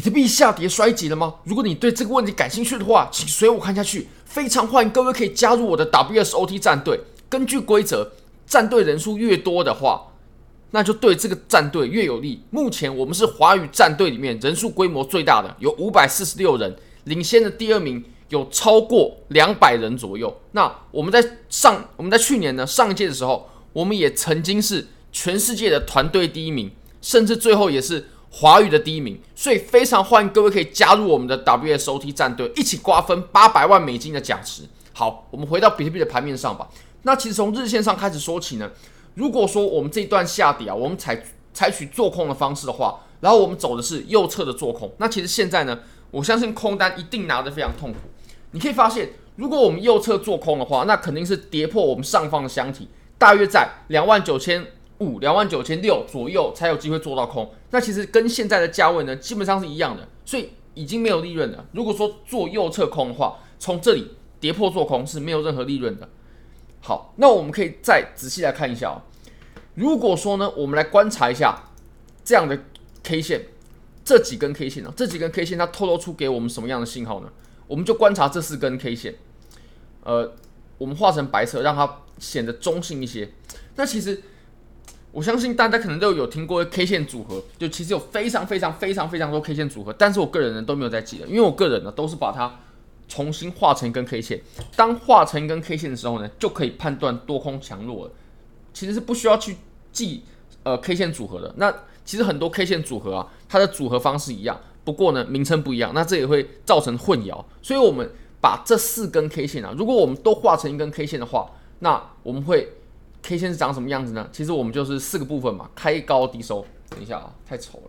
比特幣下跌衰竭了嗎？如果你對這個問題感興趣的話，請隨我看下去。非常歡迎各位可以加入我的 WSOT 戰隊。根據規則，戰隊人數越多的話，那就對這個戰隊越有利。目前我們是華語戰隊裡面人數規模最大的，有五百四十六人，領先的第二名有超過兩百人左右。那我們在上，我們在去年呢，上一屆的時候，我們也曾經是全世界的團隊第一名，甚至最後也是。華語的第一名，所以非常歡迎各位可以加入我們的 WSOT 戰隊，一起瓜分八百萬美金的獎池。好，我們回到比特幣的盤面上吧。那其實從日線上開始說起呢，如果說我們這一段下跌啊，我們採採取做空的方式的話，然後我們走的是右側的做空。那其實現在呢，我相信空單一定拿得非常痛苦。你可以發現，如果我們右側做空的話，那肯定是跌破我們上方的箱體，大約在兩萬九千五、兩萬九千六左右才有機會做到空。那其實跟現在的價位呢，基本上是一樣的，所以已經沒有利潤了。如果說做右側空的話，從這裡跌破做空是沒有任何利潤的。好，那我們可以再仔細來看一下哦。如果說呢，我們來觀察一下這樣的 K 線，這幾根 K 線呢，這幾根 K 線它透露出給我們什麼樣的信號呢？我們就觀察這四根 K 線，呃，我們畫成白色讓它顯得中性一些。那其實。我相信大家可能都有聽過 K 線組合，就其實有非常非常非常非常多 K 線組合，但是我個人呢，都沒有在記的，因為我個人呢都是把它重新畫成一根 K 線。當畫成一根 K 線的時候呢，就可以判斷多空強弱了。其實是不需要去記呃 K 線組合的。那其實很多 K 線組合啊，它的組合方式一樣，不過呢名稱不一樣，那這也會造成混淆。所以我們把這四根 K 線啊，如果我們都畫成一根 K 線的話，那我們會。K 線是長什麼樣子呢？其實我們就是四個部分嘛，開高低收。等一下啊，太醜了，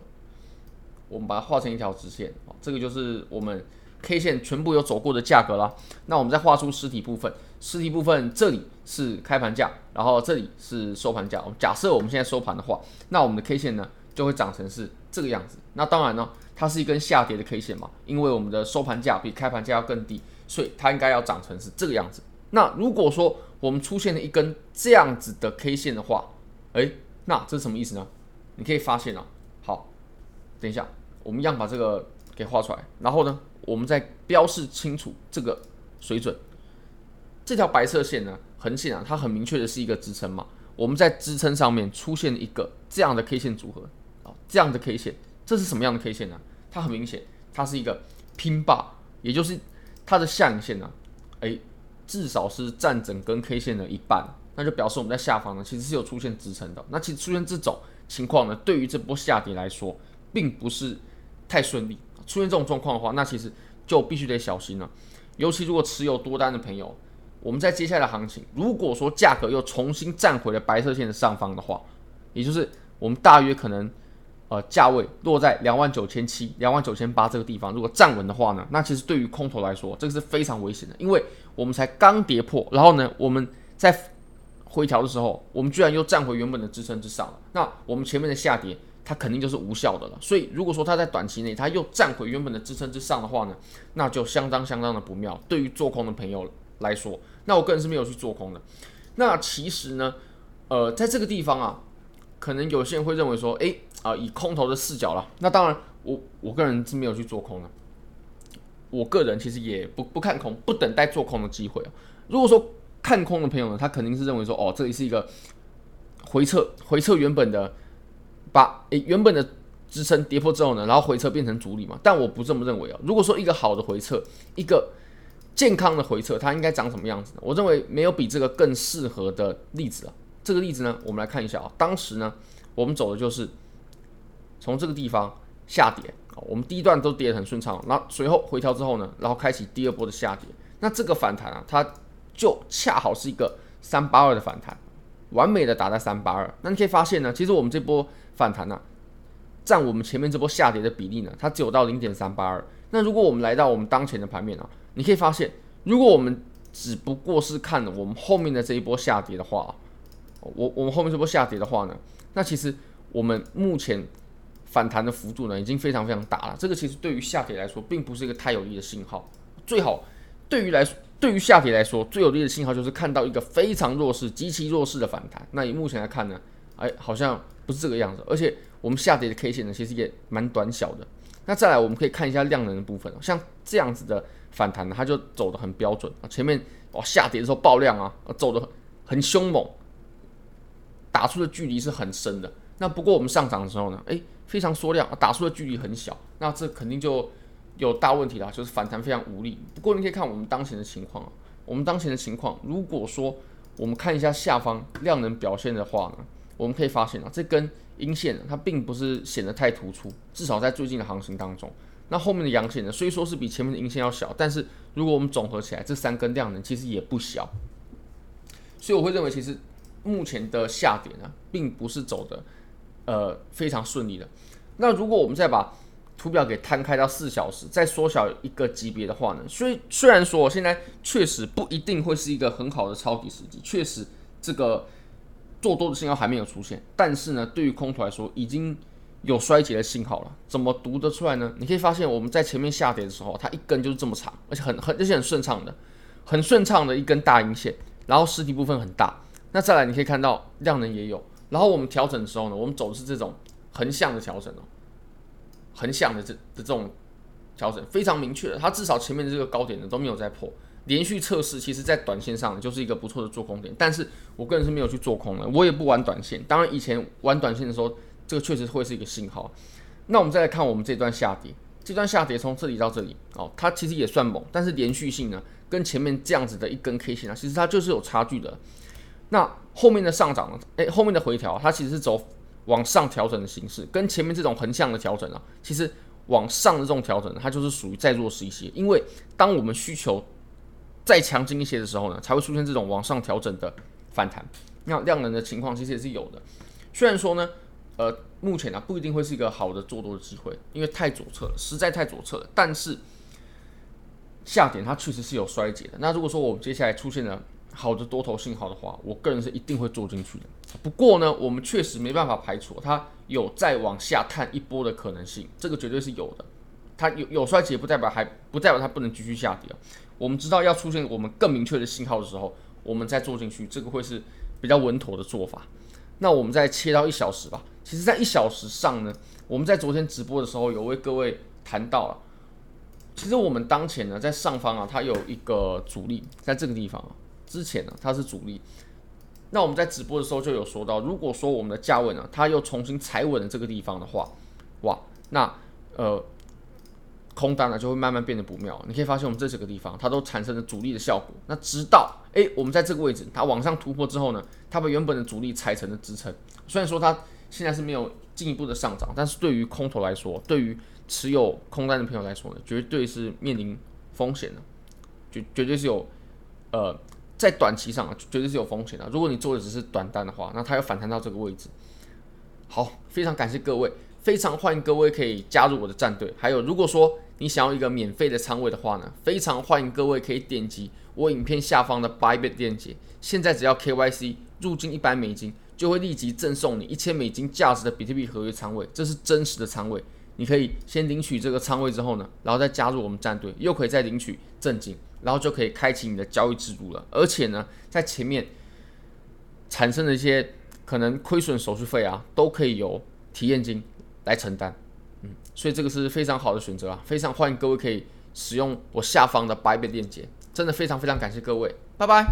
我們把它畫成一條直線，哦，這個就是我們 K 線全部有走過的價格啦。那我們再畫出實體部分，實體部分這裡是開盤價，然後這裡是收盤價。假設我們現在收盤的話，那我們的 K 線呢就會長成是這個樣子。那當然呢，它是一根下跌的 K 線嘛，因為我們的收盤價比開盤價要更低，所以它應該要長成是這個樣子。那如果說我們出現了一根這樣子的 K 線的話，哎、欸，那這是什麼意思呢？你可以發現啊，好，等一下，我們一樣把這個給畫出來，然後呢，我們再標示清楚這個水準。這條白色線呢，橫線啊，它很明確的是一個支撐嘛。我們在支撐上面出現了一個這樣的 K 線組合啊，這樣的 K 線，這是什麼樣的 K 線呢、啊？它很明顯，它是一個 Pin Bar，也就是它的下影線呢、啊，哎、欸。至少是佔整根 K 線的一半，那就表示我們在下方呢，其實是有出現支撐的。那其實出現這種情況呢，對於這波下跌來說，並不是太順利。出現這種狀況的話，那其實就必須得小心了。尤其如果持有多單的朋友，我們在接下來的行情，如果說價格又重新站回了白色線的上方的話，也就是我們大約可能。呃，價位落在兩萬九千七、兩萬九千八這個地方，如果站穩的話呢，那其實對於空頭來說，這個是非常危險的，因為我們才剛跌破，然後呢，我們在回調的時候，我們居然又站回原本的支撐之上了，那我們前面的下跌它肯定就是無效的了。所以如果說它在短期內它又站回原本的支撐之上的話呢，那就相當相當的不妙。對於做空的朋友來說，那我個人是沒有去做空的。那其實呢，呃，在這個地方啊。可能有些人會認為說，哎、欸，啊、呃，以空頭的視角啦，那當然我，我我個人是沒有去做空的，我個人其實也不不看空，不等待做空的機會啊。如果說看空的朋友呢，他肯定是認為說，哦，這裡是一個回撤，回撤原本的把、欸、原本的支撐跌破之後呢，然後回撤變成阻力嘛。但我不這麼認為啊。如果說一個好的回撤，一個健康的回撤，它應該長什麼樣子呢？我認為沒有比這個更適合的例子了、啊。這個例子呢，我們來看一下啊。當時呢，我們走的就是從這個地方下跌啊。我們第一段都跌得很順暢，那隨後回調之後呢，然後開啟第二波的下跌。那這個反彈啊，它就恰好是一個三八二的反彈，完美的打在三八二。那你可以發現呢，其實我們這波反彈啊，占我們前面這波下跌的比例呢，它只有到零點三八二。那如果我們來到我們當前的盤面啊，你可以發現，如果我們只不過是看了我們後面的這一波下跌的話啊。我我們後面這波下跌的話呢，那其實我們目前反彈的幅度呢已經非常非常大了。這個其實對於下跌來說，並不是一個太有利的信號。最好對於來說，對於下跌來說最有利的信號就是看到一個非常弱勢、極其弱勢的反彈。那以目前來看呢，哎，好像不是這個樣子。而且我們下跌的 K 線呢，其實也蠻短小的。那再來，我們可以看一下量能的部分。像這樣子的反彈呢，它就走得很標準啊。前面哇下跌的時候爆量啊，走得很，很兇猛。打出的距離是很深的，那不過我們上漲的時候呢，誒、欸，非常縮量，打出的距離很小，那這肯定就有大問題了，就是反彈非常無力。不過你可以看我們當前的情況，我們當前的情況，如果說我們看一下下方量能表現的話呢，我們可以發現啊，這根陰線呢它並不是顯得太突出，至少在最近的行情當中。那後面的陽線呢，雖說是比前面的陰線要小，但是如果我們總合起來，這三根量能其實也不小，所以我會認為其實。目前的下跌呢，並不是走的呃非常順利的。那如果我們再把圖表給攤開到四小時，再縮小一個級別的話呢，雖雖然說我現在確實不一定會是一個很好的抄底時機，確實這個做多的信號還沒有出現，但是呢，對於空頭來說已經有衰竭的信號了。怎麼讀得出來呢？你可以發現我們在前面下跌的時候，它一根就是這麼長，而且很很而且很順暢的，很順暢的一根大陰線，然後實體部分很大。那再來，你可以看到量能也有。然後我們調整的時候呢，我們走的是這種橫向的調整哦，橫向的這的這種調整非常明確的。它至少前面這個高點呢，都沒有再破，連續測試，其實，在短線上就是一個不錯的做空點。但是我個人是沒有去做空的，我也不玩短線。當然，以前玩短線的時候，這個確實會是一個信號。那我們再來看我們這段下跌，這段下跌從這裡到這裡哦，它其實也算猛，但是連續性呢，跟前面這樣子的一根 K 線啊，其實它就是有差距的。那後面的上漲呢，誒、欸，後面的回調、啊，它其實是走往上調整的形式，跟前面這種橫向的調整啊，其實往上的這種調整，它就是屬於再弱勢一些。因為當我們需求再強勁一些的時候呢，才會出現這種往上調整的反彈。那量能的情況其實也是有的，雖然說呢，呃，目前呢、啊、不一定會是一個好的做多的機會，因為太左側了，實在太左側了。但是下跌它確實是有衰竭的。那如果說我們接下來出現了，好的多頭信號的話，我個人是一定會做進去的。不過呢，我們確實沒辦法排除它有再往下探一波的可能性，這個絕對是有的。它有有衰竭，不代表還不代表它不能繼續下跌。我們知道要出現我們更明確的信號的時候，我們再做進去，這個會是比較穩妥的做法。那我們再切到一小時吧。其實，在一小時上呢，我們在昨天直播的時候有為各位談到了，其實我們當前呢在上方啊，它有一個阻力在這個地方啊。之前呢，它是阻力。那我們在直播的時候就有說到，如果說我們的價位呢，它又重新踩穩了這個地方的話，哇，那呃，空單呢就會慢慢變得不妙。你可以發現我們這幾個地方，它都產生了阻力的效果。那直到誒，我們在這個位置它往上突破之後呢，它把原本的阻力踩成了支撐。雖然說它現在是沒有進一步的上漲，但是對於空頭來說，對於持有空單的朋友來說呢，絕對是面臨風險的，絕絕對是有呃。在短期上啊，絕對是有風險的啊。如果你做的只是短單的話，那它要反彈到這個位置。好，非常感謝各位，非常歡迎各位可以加入我的戰隊。還有，如果說你想要一個免費的倉位的話呢，非常歡迎各位可以點擊我影片下方的 Bybit 鏈接。現在只要 KYC 入金一百美金，就會立即贈送你一千美金價值的比特幣合約倉位，這是真實的倉位。你可以先領取這個倉位之後呢，然後再加入我們戰隊，又可以再領取贈金，然後就可以開啟你的交易制度了。而且呢，在前面產生的一些可能虧損手續費啊，都可以由體驗金來承擔。嗯，所以這個是非常好的選擇啊，非常歡迎各位可以使用我下方的 Bybit 鏈接，真的非常非常感謝各位，拜拜。